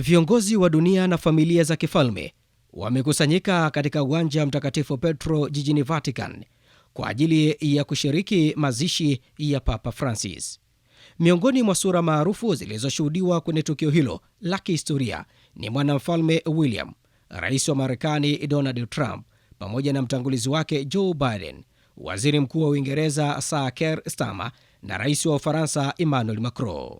Viongozi wa dunia na familia za kifalme wamekusanyika katika uwanja Mtakatifu Petro jijini Vatican kwa ajili ya kushiriki mazishi ya Papa Francis. Miongoni mwa sura maarufu zilizoshuhudiwa kwenye tukio hilo la kihistoria ni mwanamfalme William, rais wa Marekani Donald Trump pamoja na mtangulizi wake Joe Biden, waziri mkuu wa Uingereza Sir Keir Starmer na rais wa Ufaransa Emmanuel Macron.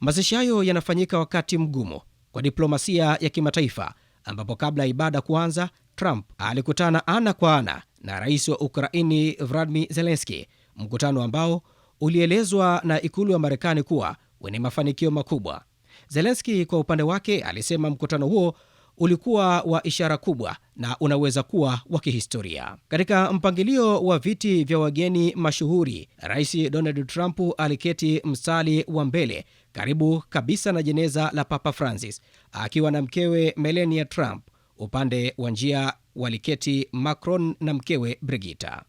Mazishi hayo yanafanyika wakati mgumu kwa diplomasia ya kimataifa ambapo kabla ya ibada kuanza, Trump alikutana ana kwa ana na rais wa Ukraini vladimir zelenski mkutano ambao ulielezwa na ikulu ya Marekani kuwa wenye mafanikio makubwa. zelenski kwa upande wake alisema mkutano huo ulikuwa wa ishara kubwa na unaweza kuwa wa kihistoria. Katika mpangilio wa viti vya wageni mashuhuri, Rais Donald Trump aliketi mstari wa mbele karibu kabisa na jeneza la Papa Francis akiwa na mkewe Melania Trump. Upande wa njia waliketi Macron na mkewe Brigita.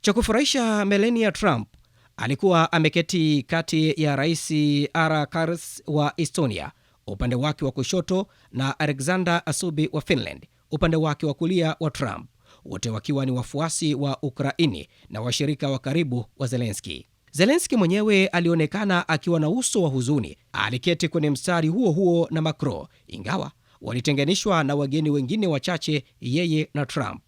Cha kufurahisha, Melania Trump alikuwa ameketi kati ya Rais Ara Kars wa Estonia upande wake wa kushoto na Alexander Asubi wa Finland upande wake wa kulia wa Trump, wote wakiwa ni wafuasi wa Ukraini na washirika wa karibu wa Zelenski. Zelenski mwenyewe alionekana akiwa na uso wa huzuni. Aliketi kwenye mstari huo huo na Macron, ingawa walitenganishwa na wageni wengine wachache. Yeye na Trump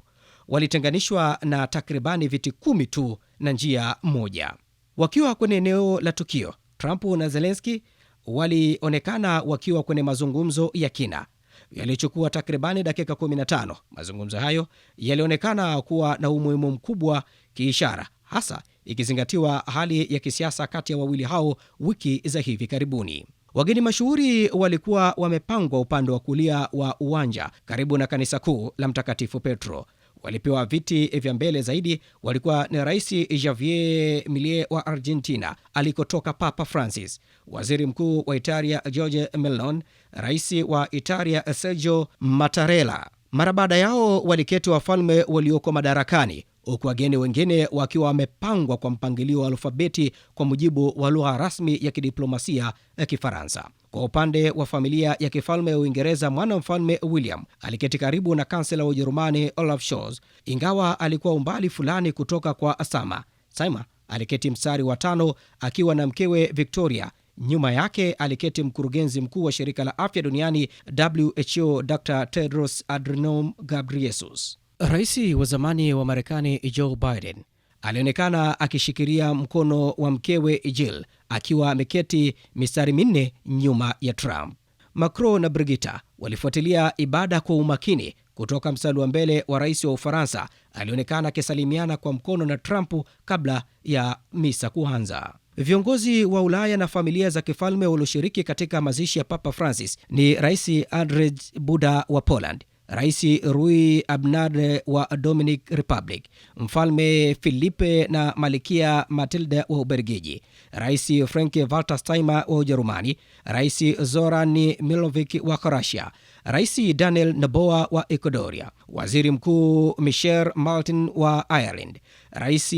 walitenganishwa na takribani viti kumi tu na njia moja. Wakiwa kwenye eneo la tukio, Trump na Zelenski walionekana wakiwa kwenye mazungumzo ya kina yaliyochukua takribani dakika 15. Mazungumzo hayo yalionekana kuwa na umuhimu mkubwa kiishara, hasa ikizingatiwa hali ya kisiasa kati ya wawili hao wiki za hivi karibuni. Wageni mashuhuri walikuwa wamepangwa upande wa kulia wa uwanja karibu na kanisa kuu la Mtakatifu Petro. Walipewa viti vya mbele zaidi walikuwa ni Rais Javier Milei wa Argentina alikotoka Papa Francis, Waziri Mkuu wa Italia george Meloni, Rais wa Italia Sergio Mattarella. Mara baada yao waliketi wafalme walioko madarakani, huku wageni wengine wakiwa wamepangwa kwa mpangilio wa alfabeti kwa mujibu wa lugha rasmi ya kidiplomasia ya Kifaransa. Kwa upande wa familia ya kifalme ya Uingereza, mwana mfalme William aliketi karibu na kansela wa Ujerumani Olaf Scholz, ingawa alikuwa umbali fulani kutoka kwa Asama. sima aliketi mstari wa tano akiwa na mkewe Victoria. Nyuma yake aliketi mkurugenzi mkuu wa shirika la afya duniani WHO, Dr Tedros Adhanom Ghebreyesus. Rais wa zamani wa Marekani Joe Biden alionekana akishikilia mkono wa mkewe Jill akiwa ameketi mistari minne nyuma ya Trump. Macron na Brigita walifuatilia ibada kwa umakini kutoka mstari wa mbele wa rais wa Ufaransa alionekana akisalimiana kwa mkono na Trump kabla ya misa kuanza. Viongozi wa Ulaya na familia za kifalme walioshiriki katika mazishi ya Papa Francis ni Rais Andrzej Buda wa Poland, Rais Rui Abnard wa Dominic Republic, Mfalme Filipe na Malikia Matilda wa Ubelgiji, Rais Frank Walter Steimer wa Ujerumani, Rais Zoran Milovic wa Croatia, Rais Daniel Noboa wa Ecuadoria, Waziri Mkuu Michel Martin wa Ireland, Rais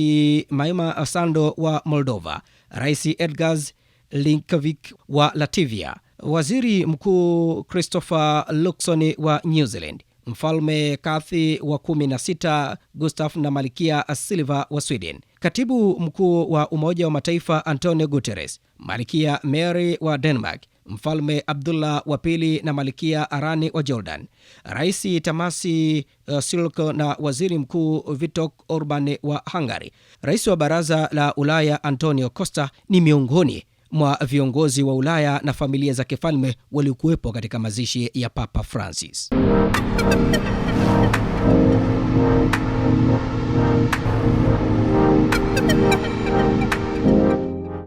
Maima Sando wa Moldova, Rais Edgars Linkovic wa Latvia Waziri Mkuu Christopher Luxon wa New Zealand, Mfalme Kathi wa kumi na sita Gustav na malikia Silva wa Sweden, Katibu Mkuu wa Umoja wa Mataifa Antonio guteres malikia Mary wa Denmark, Mfalme Abdullah wa pili na Malkia Arani wa Jordan, raisi Tamasi uh, Silk na Waziri Mkuu vitok Orban wa Hungary, Rais wa Baraza la Ulaya Antonio Costa ni miongoni mwa viongozi wa Ulaya na familia za kifalme waliokuwepo katika mazishi ya Papa Francis.